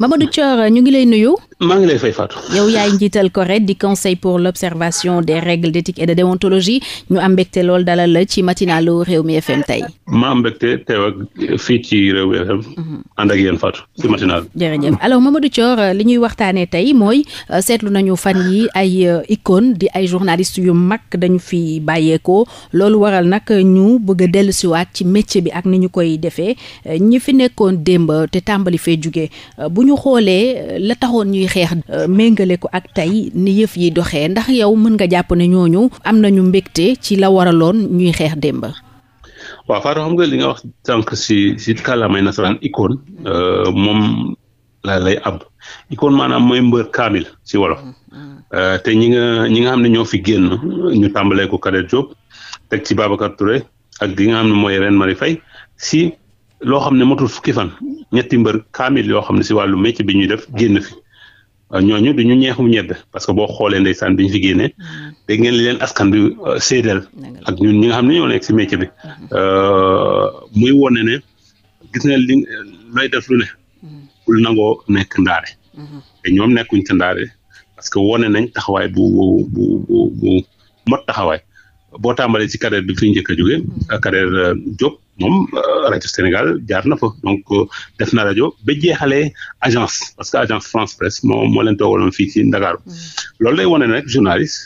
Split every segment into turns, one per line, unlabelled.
Mamadou Thior ñu ngi lay nuyu
maa ngi lay fay Fatou.
yow yaay njiital CORED di conseil pour l'observation des règles d'éthique et de déontologie ñu am mbégte lool dalal la ci matinalu Rewmi FM tey.
ma am mbégte ci Rewmi FM. Mhm. ànd ak yéen Fatou ci matinal.
jërëjëf alors Mamadou Thior li ñuy waxtaanee tey mooy euh, seetlu nañu fan yi ay euh, icône di ay journalistes yu mag dañu fi bàyyeekoo loolu waral nag ñu bëgg a dellusiwaat ci métier bi ak ni ñu koy defee euh, ñi fi nekkoon démb te tàmbali fee jugee bu ñu xoolee la taxoon ñu ciy xeex euh, méngale ko ak tey ni yëf yi doxee ndax yow mën nga jàpp ne ñooñu am na ñu mbégte ci la waraloon ñuy xeex démb.
waaw Fatou xam nga li nga wax sànq si si kàllaamay nasaraan icône euh, moom la lay ab icône maanaam mooy mbër kaamil si wolof mm, mm. Euh, te ñi nga ñi nga xam ne ñoo fi génn ñu tàmbalee ko Kader Diop teg ci Babacar Touré ak li nga xam ne mooy Reine Marie Faye si loo xam ne motul fukki fan ñetti mbër kaamil yoo xam ne si wàllu métier bi ñuy def génn fi Euh, ñooñu du ñu ñeexum ñebe parce que boo xoolee ndeysaan bi ñu fi génnee mm-hmm. dégg ngeen leen askan bi euh, séedal ak ñun ñi nga xam ne ñoo nekk si métier bi mm-hmm. euh, muy wone ne gis nga li looy def lu ne mm-hmm. bul nangoo nekk ndaare te ñoom nekkuñ ca ndaare parce que wone nañ taxawaay bu bu bu bu mot taxawaay boo tàmbalee ci carrière bi fi njëkk a jógee hmm. carrière euh, Diop moom euh, rajo Sénégal jaar na fa donc euh, def na rajo ba jeexale agence parce que agence France Presse moo moo leen toogaloon fii ci Ndakaaru hmm. loolu lay wane nag journaliste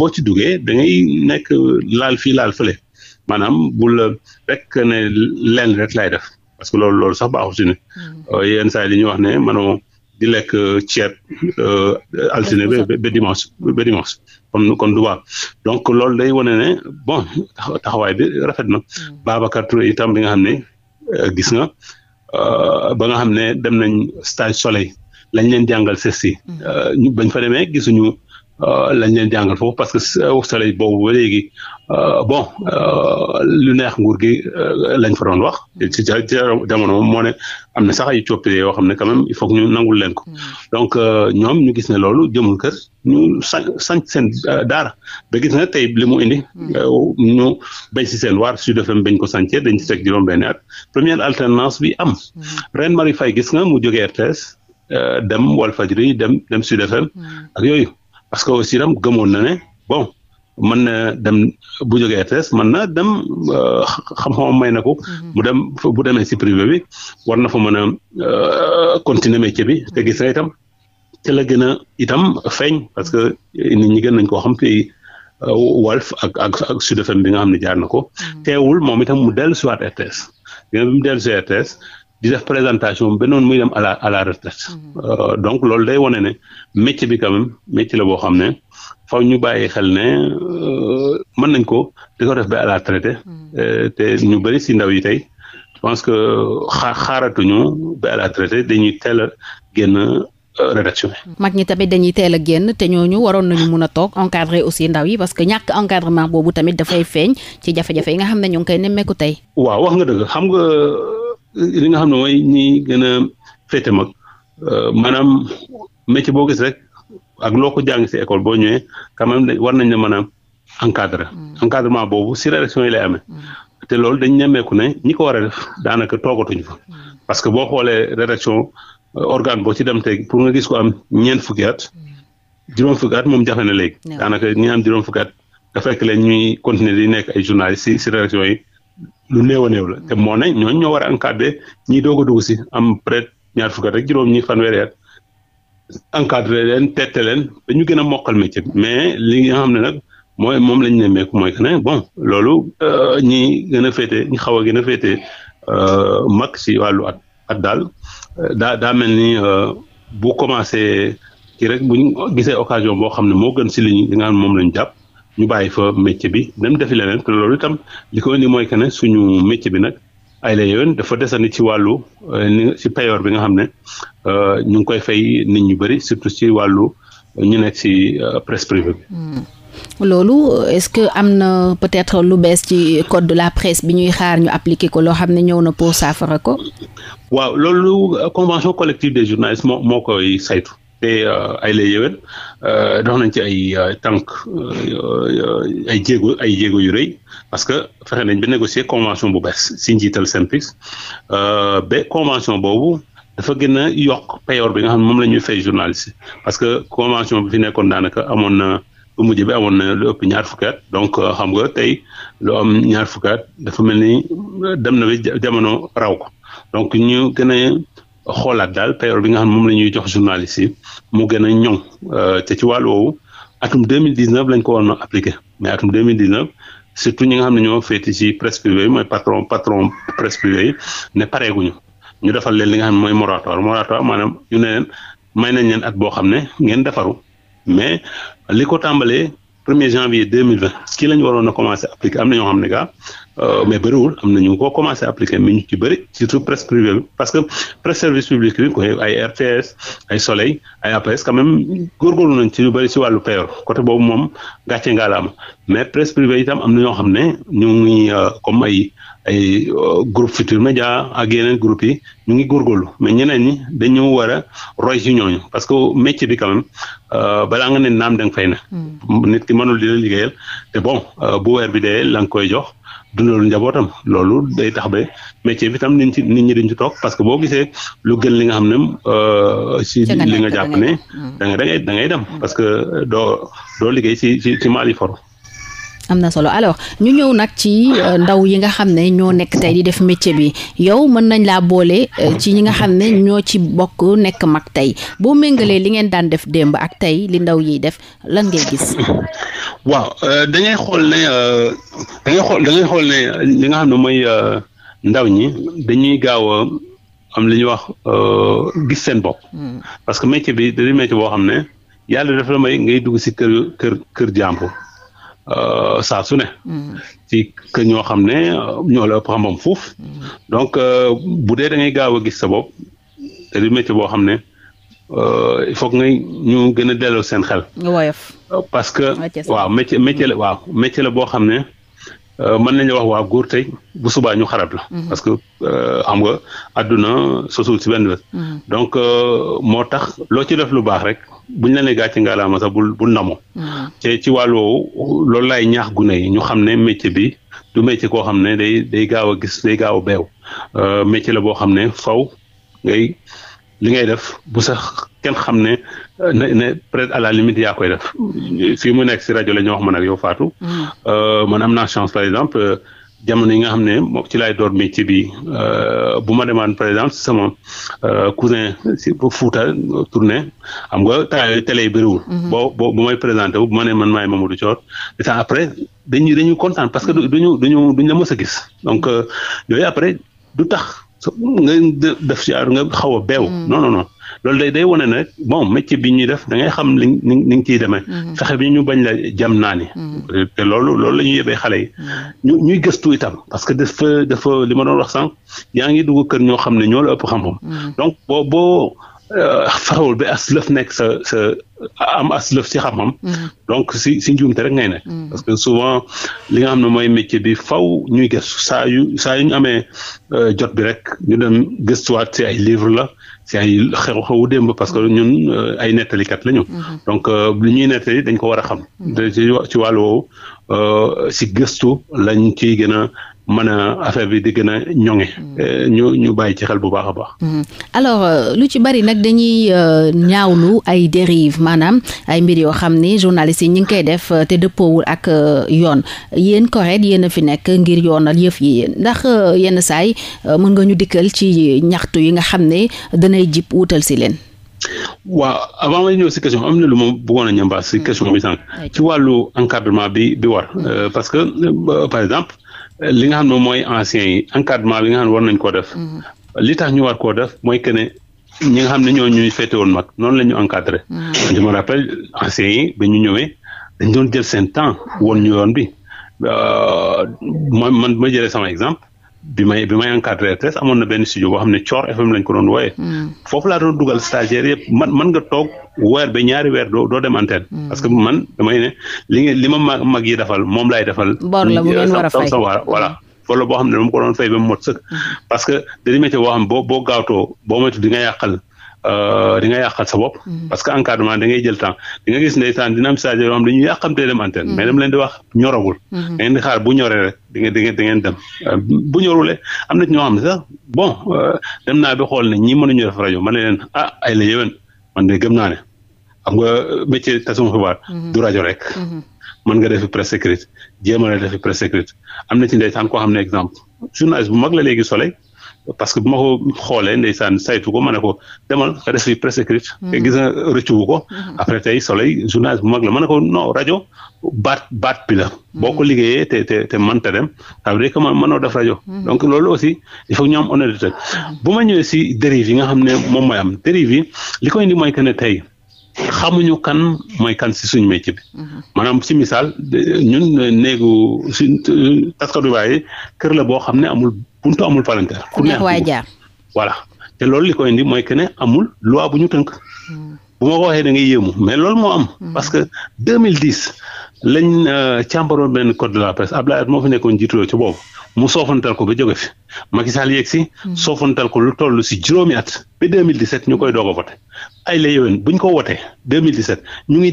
boo ci duggee da ngay nekk laal fii laal fële maanaam bul rek ne lenn rek lay def parce que loolu lool sax baaxu si ne hmm. yenn saa yi li ne di lekk euh, ceeb euh, altine ba ba dimanche ba dimanche kon kon donc loolu day wane ne bon taxawaay bi rafet na hmm. Babacar Touré tam bi nga xam ne euh, gis nga ba nga xam ne dem nañ stage soleil lañ leen jàngal ses si hmm. bañ fa demee gisuñu Euh, lañ leen jàngal foofu parce que soleil euh, boobu ba léegi euh, bon lu neex nguur gi lañ fa doon wax ci jamono moo ne am na sax ay coppite yoo xam ne quand même il faut que ñu nangul leen ko hmm. donc ñoom ñu gis ne loolu jëmul kër ñu sañ sañ seen daara ba gis na tey li mu indi hmm. ñu bañ si seen waar Sud FM bañ ko sancee dañ ci teg juróom benn at première alternance bi am hmm. ren Marie fay gis nga mu jógee RTS dem Walfadjri dem dem Sud FM ak yooyu parce que aussi tam gëmoon na ne bon man na dem bu jógee RTS na dem euh, xam-xamam may na ko. Mhm. mu dem bu demee si privé bi war na fa mën a euh, continuer métier bi te gis itam te la gën a itam feeñ parce que nit ñi gën nañ koo xam fi euh, Walf ak ak ak Sud bi nga xam ne jaar na ko. Mhm. teewul moom mu dellu si waat RTS. mu dellu si RTS di def présentation ba noonu muy dem à la à mhm. euh, donc loolu day wane ne métier bi quand même la boo xam ne faw ñu bàyyi xel ne euh, man nañ ko di ko def ba à la retraite. Mhm. Euh, ñu bëri si ndaw yi tey je que xaa xaaratuñu ba à la a génn. rédaction
mag ñi tamit dañuy teel a génn te ñooñu waroon nañu mun a toog encadrer aussi ndaw yi parce que ñàkk encadrement boobu tamit dafay feeñ ci jafe-jafe yi nga xam ne ñu ngi koy tey.
waaw wax nga dëgg xam li nga xam ne mooy ni gën a féete mag euh, maanaam métier boo gis rek ak loo ko jàng si école boo ñëwee quand même war nañ la mën a encadré mm. encadrement boobu si rédaction yi lay amee mm. te loolu dañ ñemeeku ne ñi ko war a def daanaka toogatuñ fa mm. parce que boo xoolee rédaction euh, organe boo ci dem tey pour nga gis ko am ñeent fukki at juróom fukki at moom jafe na léegi daanaka ñi am juróom fukki at nga fekk leen ñuy continuer di nekk ay journalistes si si rédaction yi lu néew a la te moo ne ñooñu ñoo war a encadré ñi doog a dugg si am peut ñaar fukki rek juróom ñi fanweeri at encadré leen tette leen ba ñu gën a mokkal métier mais li nga xam ne nag mooy moom lañ ne meeku mooy bon loolu euh, ñi gën a féete ñi xaw a gën a féete euh, mag si wàllu at at daal euh, daa daa mel ni bu commencé ci rek buñ gisee occasion boo xam ne moo gën si li ñu nga xam moom lañ jàpp ñu bàyyi fa métier bi dem defi leneen te loolu itam li ko indi mooy que ne suñu métier bi nag ay la yoon dafa desandi ci wàllu euh, ci payoor bi nga xam ne euh, ñu ngi koy fay nit ñu bëri surtout ci wàllu ñu nekk ci euh, presse privée bi. Hmm.
loolu est-ce que am na peut-être lu bees ci code de la presse bi ñuy xaar ñu appliquer ko loo xam ne ñëw na pour saafara ko.
waaw loolu convention collective des journalistes moo moo koy saytu. te euh, ay lay yéwén euh, dox nañ ci ay euh, tànk ay jéego ay jéego yu rëy parce que fexe nañ ba négocier convention bu bees si njiital SYNPICS ba convention boobu dafa gën a yokk payoor bi nga xam ne moom la ñuy fay journaliste parce que convention bi fi nekkoon daanaka amoon na bu mujj bi amoon na lu ëpp ñaar fukki donc xam nga tey lu am ñaar fukki dafa mel ni dem na bi jamono raw donc ñu gën xoolaat daal payrool bi nga xam ne moom la ñuy jox journaliste yi mu gën a ñoŋ euh, te ci wàll woowu atum 2019 lañ ko waroon a appliqué mais atum 2019 surtout ñi nga xam ne ñoo féete ci presse privée yi mooy patron patron presse privée yi ne pareeguñu ñu defal leen li nga xam ne mooy moratoire moratoire maanaam ñu ne leen may nañ leen at boo xam ne ngeen defaru mais li ko tàmbalee premier janvier deux mille vingt a commencé appliquer am na ñoo xam ne euh, mais bëriwul am na ñu ko commencé appliquer mais ñu ci bëri surtout presse privée bi parce que presse service public bi ko ay RTS ay Soleil ay APS quand même nañ ci lu bëri si wàllu payor côté boobu moom gàcce ngaalaama mais presse privée itam am na ñoo xam ne ñu ngi euh, comme ay. ay euh, groupe Futur Média ak yeneen groupe yi ñu ngi góorgóorlu mais ñeneen ñi dañu war a roy ci ñooñu parce que métier bi quand même euh, a nga ne naam da nga fay ne. Hmm. nit ki mënul di la liggéeyal te bon euh, bu weer bi dee lang koy jox du dundal njabootam loolu day tax ba métier bi tam nit ci nit ñi dañ ci toog parce que boo gisee lu gën li nga xam ne si li nga jàpp ne da nga da ngay da dem hmm. parce que doo doo liggéey ci ci ci
am na solo alors ñu ñëw nag ci euh, ndaw yi nga xam ne ñoo nekk tey di def métier bi yow mën nañ laa boole euh, ci ñi nga xam ne ñoo ci bokk nekk mag tey boo méngalee li ngeen daan def démb ak tey li ndaw yiy def lan ngay gis.
waaw euh, da ngay xool ne da xool ne li nga xam ne mooy ndaw ñi dañuy gaaw a am ñuy wax gis seen bopp. Hmm. parce que métier bi dañuy métier boo xam ne yàlla dafa la may ngay dugg si kër kër kër jàmbur. Euh, saa su ne. Mm. ci que ñoo xam ne euh, ñoo la mm. donc euh, bu dee da ngay gaaw a gis sa bopp te du métier boo xam ne il faut que ñu gën a delloo seen xel. woyof parce que. waaw métier métier la boo xam ne. Euh, mën nañu wax waa góor tey bu subaa ñu xarab la. Mhm. parce que euh, xam nga àdduna sosul si benn bés. Mhm. donc euh, moo tax loo ci def lu baax rek buñ la ne gàcce ngaalaama sax bul bul namoo. Mhm. te ci wàll woowu loolu laay ñaax gune yi ñu xam ne métier bi du métier koo xam ne day day gaaw a gis day gaaw a beew métier la boo xam ne faw ngay. li ngay def bu sax kenn xam ne ne ne peut-être à la limite yaa koy def fii mu nekk si rajo la ñu wax man ak yow Fatou. Mm. Euh, man am naa chance par exemple jamono yi nga xam ne moom ci laay door métier bi euh, bu ma demaan par exemple sama euh, cousin si Fouta tournée xam nga taa télé yi bëriwul. Mm-hmm. boo boo bu may présenté bu ma nee man maay Mamadou Thior et après dañuy dañuy kontaan parce que duñu duñu duñ la mës a gis donc yooyu après du tax. nga def si nga xaw a beew mm. non non non loolu day day wane ne rek bon métier bi ñuy def da ngay xam liñ ni ni nga ciy demee mm-hmm. fexe bi ñu bañ la jam naa mm-hmm. te loolu loolu la ñuy yebee xale yi mm-hmm. ñu ñuy gëstu itam parce que dafa dafa li ma doon wax sànq yaa ngi dugg kër ñoo xam ne ñoo la ëpp xam donc boo Euh, fexewul ba as lëf nekk sa sa am as lëf si xam-xam. Mm-hmm. donc si si njuumte rek ngay nekk. Mm-hmm. parce que souvent li nga xam ne mooy métier bi faw ñuy gëstu saa yu saa yu ñu amee euh, jot bi rek ñu dem gëstuwaat si ay livre la si ay xew-xewu démb parce que ñun euh, ay nettalikat la ñu. Mm-hmm. donc li ñuy nettali dañ ko war a xam. ci wàllu woowu si gëstu lañ ciy gën mën a affaire bi di gën a ñoŋe. Mm. Euh, ñu ñu bàyyi ci xel bu baax a baax.
Mm-hmm. alors euh, lu ci bari nag dañuy euh, ñaawlu ay dérive maanaam ay mbir yoo xam ni journalistes yi ñu ngi koy def te dëppoowul ak yoon yéen correct yéen fi nekk ngir yoonal yëf yi ndax yenn saay mën nga ñu dikkal ci ñaxtu yi nga xam ne danay jib wutal si leen.
waaw avant may ñëw si question am na lu ma bëggoon a ñëmbaas si mm-hmm. question bi sànq ci wàllu encadrement bi bi war mm-hmm. parce que par exemple. li nga xam ne mooy anciens yi encadrement bi nga xam ne war nañ ko def mm-hmm. li tax ñu war koo def mooy que ne ñi nga xam ne ñoo ñuy féete woon mag noonu la ñu encadré mm-hmm. je me rappelle anciens yi ba ñu ñëwee dañ doon jël seen temps woon ñu yoon bi euh, man ma jëlee sama exemple bi may bi may encadré RTS amoon na benn studio boo xam ne Coor FM lañ ko doon wooyee. Hmm. foofu laa doon dugal stagiaire yëpp man nga toog weer ba ñaari weer doo doo dem antenne. Hmm. parce que man damay ne ma mag mag yi defal moom laay defal. bor la bu ngeen war a fay voilà. wala boo xam ne dama ko doon fay ba mu mot sëkk hmm. parce que dañu métier boo xam boo boo gaawtoo boo moytu di nga yàqal di nga yàqal sa bopp. Mm-hmm. parce que encadrement da ngay jël temps di nga gis ndeysaan dina am stagiaire yoo xam dañuy yàqamtee dem antenne. mais mm-hmm. dama leen di wax ñoragul. Mm-hmm. da ngeen xaar bu ñoree rek di nga di nga di ngeen dem euh, bu ñorule am na ci ñoo xam ne sax bon euh, dem naa ba xool ne ñii mënuñu def rajo ma ne leen ah ay la yéwén man de gëm naa ne xam nga euh, métier tasuma xibaar. du rajo rek. mën nga defi presse écrite jéem a defi presse écrite am na ci ndeysaan koo xam ne exemple journaliste bu mag la léegi soleil parce que bu ma ko xoolee ndeysaan saytu ko ma ne ko demal nga def fi presse écrite. te mm-hmm. gis rëccu ko. Mm-hmm. après tey soleil journaliste bu mag la ma ko non rajo baat baat bi la. Mm-hmm. boo ko liggéeyee te te dem ça veut dire que ma ñëwee si li koy indi mooy que ne tey. xamuñu kan mooy kan si suñu métier bi maanaam si misaal ñun néegu si euh, taskatuwaay kër la boo xam ne amul buntu amul palanteer.
ku neex waay jaar
voilà te loolu li koy indi mooy que ne amul loi bu ñu tënk. Hmm. bu ma ko waxee da ngay yéemu mais loolu moo am. Hmm. parce que 2010 lañ euh, càmbaroon benn code de la presse Abdoulaye moo fi nekkoon jiitu ci boobu mu soofantal ko ba jóge fi Macky Sall yegg si. Hmm. soofantal ko lu toll si juróomi at. ba 2017 ñu koy doog a voté ay la yowin bu ñu ko wotee 2017 ñu ngi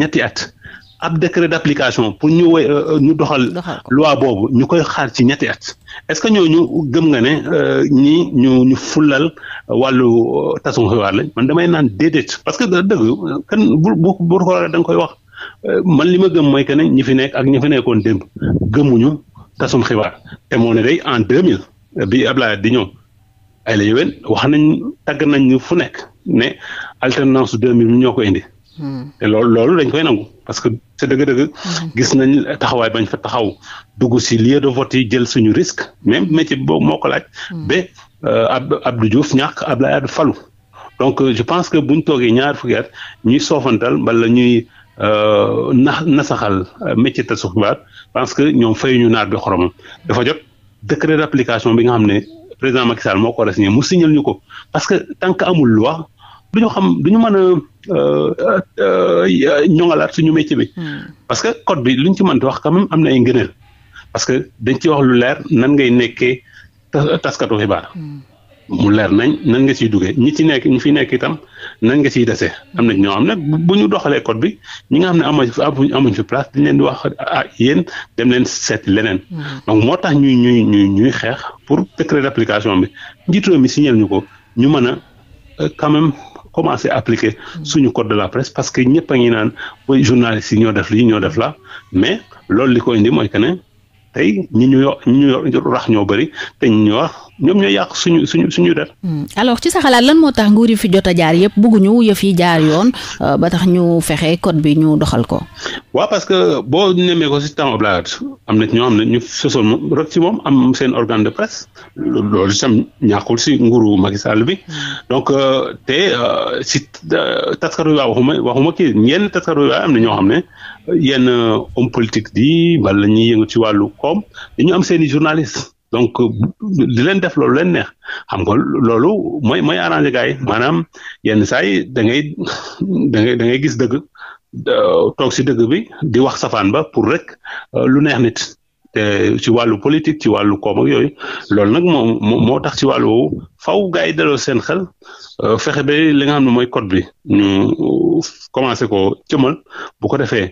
ñetti at. ab décret d'application pour ñu woy euh, euh, ñu doxal loi boobu ñu koy xaar ci ñetti at est-ce que ñooñu gëm nga ne euh, ñi ñu ñu fulal wàllu tasum xibaar lañ man damay naan déedéet parce que dëgg kan bu bu bu ko da nga koy wax man li ma gëm mooy que ne ñi fi nekk ak ñi fi nekkoon démb gëmuñu tasum xibaar te moo ne day en deux mille bi Ablaye di ñëw ay la yowén wax nañ tagg nañ fu nekk ne alternance deux mille ñoo ko indi te loolu loolu dañ koy nangu parce que c'est dëgg-dëgg. gis nañ taxawaay bañ fa taxaw dugg si lieu de vote yi jël suñu risque même métier boobu moo ko laaj. ba euh, Ab Abdou Diouf ñàkk Abdoulaye Wade falu donc euh, je pense que buñ toogee ñaar fukki at ñuy soofantal mbala ñuy euh, na nasaxal métier tasu xibaar parce que ñoom ñu naar bi xoromam dafa jot décret d'application bi nga xam ne président Macky Sall moo ko war mu signal ñu ko parce que tant amul loi. du ñu xam du ñu mën a euh, euh, ñoŋalaat suñu métier bi. Hmm. parce que code bi lu ñu ci mënti wax quand même am na ay ngëneel parce que dañ ci wax lu leer nan ngay nekkee taskatu xibaar. Hmm. mu leer nañ nan nga ciy duggee ñi ci nekk ñi fi nekk itam nan nga ciy dese am na ñoo xam ne bu ñu doxalee code bi ñi nga xam ne amuñ fi amuñ fi place dañ leen di wax ah yéen dem leen seet leneen. Hmm. donc moo tax ñuy ñuy ñuy ñuy xeex pour décret d'application bi njiitu mi signal ñu ko ñu mën a euh, commencé appliquer mm. suñu code de la presse parce que ñëpp a ngi naan booy journalistes ñoo def lii def la mais loolu liko ko indi que ne tey ñi ñu yo ñi ñu rax ñoo bëri te ñi ñu wax ñoom ñooy yàq suñu suñu suñu der.
Hmm. alors ci sa lan moo tax nguur yi fi jot jaar yëpp bëgguñu yëf yi jaar yoon euh, ba tax ñu fexe code bi ñu doxal ko.
waaw parce que boo nemee ko si temps oblaat am na ñoo xam ne ñu sosoon moom rek ci moom am seen organe de presse loolu itam ñàkkul si nguuru Macky Sall bi hmm. donc euh, te si euh, taskaru waa waxuma waxuma kii yenn taskaru waa am na ñoo xam ne yenn homme politique di wala ñuy yëngu ci wàllu koom dañu am seen i journaliste. donc di leen def loolu leen neex xam nga loolu mooy moy arrangé gars yi maanaam yenn saa yi da ngay ngay da ngay gis dëgg euh, toog si dëgg bi di wax safaan ba pour rek euh, lu neex nit te ci wàllu politique ci wàllu koom ak yooyu loolu nag moo moo tax ci wàllu woowu faw gars yi daloo seen xel euh, fexe ba li nga xam ne mooy code bi ñu commencé ko cëmal bu ko defee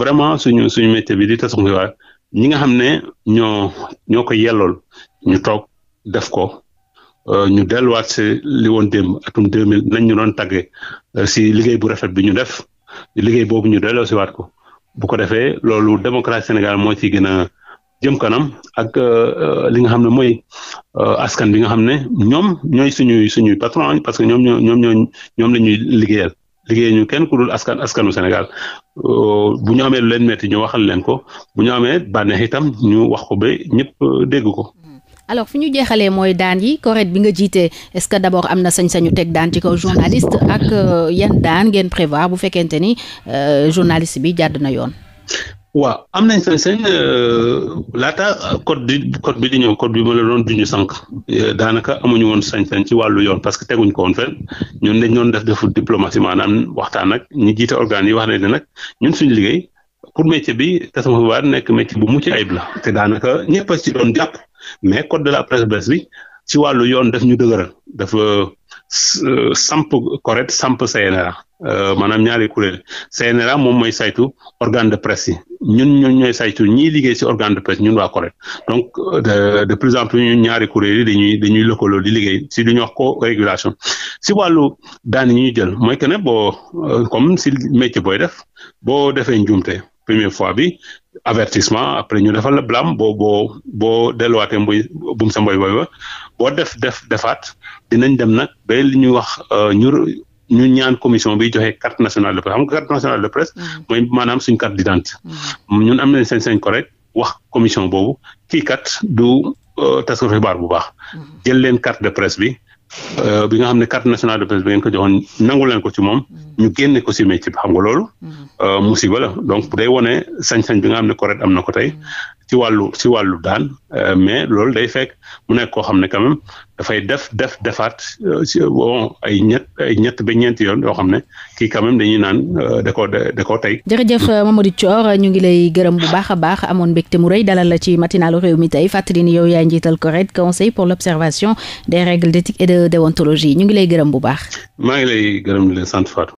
vraiment suñu suñu métier bi di tasaxu xibaar ñi nga xam ne ñoo ñoo ko yellool ñu toog def ko euh, ñu delluwaat si li woon démb atum deux mille nañ ñu doon tàggee euh, si liggéey bu rafet bi ñu def liggéey boobu ñu delloo waat ko bu ko defee loolu démocratie Sénégal moo ci gën a jëm kanam ak euh, li nga xam ne mooy askan bi nga xam ne ñoom ñooy suñuy suñuy patron parce que ñoom ñoo ñoom ñoo ñoom la ñuy liggéeyal liggéey ñu kenn ku dul askan askanu Sénégal euh, bu ñu amee lu leen metti ñu waxal leen ko bu ñu amee bànneex itam ñu wax ko ba ñëpp euh, dégg ko. Hmm.
alors fi ñu jeexalee mooy daan yi CORED bi nga jiitee est-ce que d'abord am na sañ-sañu teg daan ci kaw journaliste ak euh, yan daan ngeen prévoir bu fekkente ni journaliste bi jàdd na yoon.
waaw am nañ sañ-sañ euh, laata code bi code bi di ñoom code bi ma la doon ñu sànq euh, daanaka amuñu woon sañ-sañ ci wàllu yoon parce que teguñ ko woon fenn ñun dañ doon def defu diplomatie maanaam waxtaan ak ñu jiite organes yi wax nañ ne nag ñun suñu liggéey pour métier bi tasuma xibaar nekk métier bu mucc ayib la te daanaka ñëpp a ci doon jàpp mais code de la presse bees bi ci wàllu yoon daf ñu dëgëral dafa. samp CORED samp CNRA maanaam ñaari kuréel CNRA moom mooy saytu organ de presse yi ñun ñun ñooy saytu ñiy liggéey si organe de presse ñun waa CORED donc euh, de de plus en plus ñun ñaari kuréel yi dañuy dañuy lëkkaloo di liggéey si lu ñuy wax ko régulation si wàllu daan ñu ñuy jël mooy que ne boo euh, comme ci métier booy def boo defee njuumte première fois bi avertissement après ñu defal la blâme boo boo boo delluwaatee mbuy bum sa mboy boy ba boo def def defaat dinañ dem nag ba li ñuy wax euh, ñu ñu ñaan commission bi joxe carte nationale de presse xam nga carte nationale de presse. Mm-hmm. mooy maanaam suñ carte mm-hmm. ñun am nañ sañ-sañ correct wax commission boobu kii kat du euh, taskatu xibaar bu baax. Mm-hmm. jël leen carte de presse bi. Euh, bi nga xam ne carte nationale de presse bi ngeen ko nangu leen ko ci moom ñu génne ko ci métier xam nga loolu musiba la donc day wone sañ-sañ bi nga xam ne correct am na ko tey ci wàllu ci wàllu daan euh, mais loolu day fekk mu nekk koo xam ne quand même dafay def def defaat euh, bon ay ñett ay ñett ba ñeenti yoon yoo xam ne kii quand même dañuy naan euh, da koo da koo ma
jërëjëf Mamadou Thior ñu ngi lay gërëm bu baax a baax amoon mbégte mu rëy dalal la ci matinalu réew mi tey fàttali ni yow yaa njiital CORED conseil pour l' observation des règles d' éthique et de déontologie ñu ngi lay gërëm bu baax.
maa ngi lay gërëm di la sant Fatou.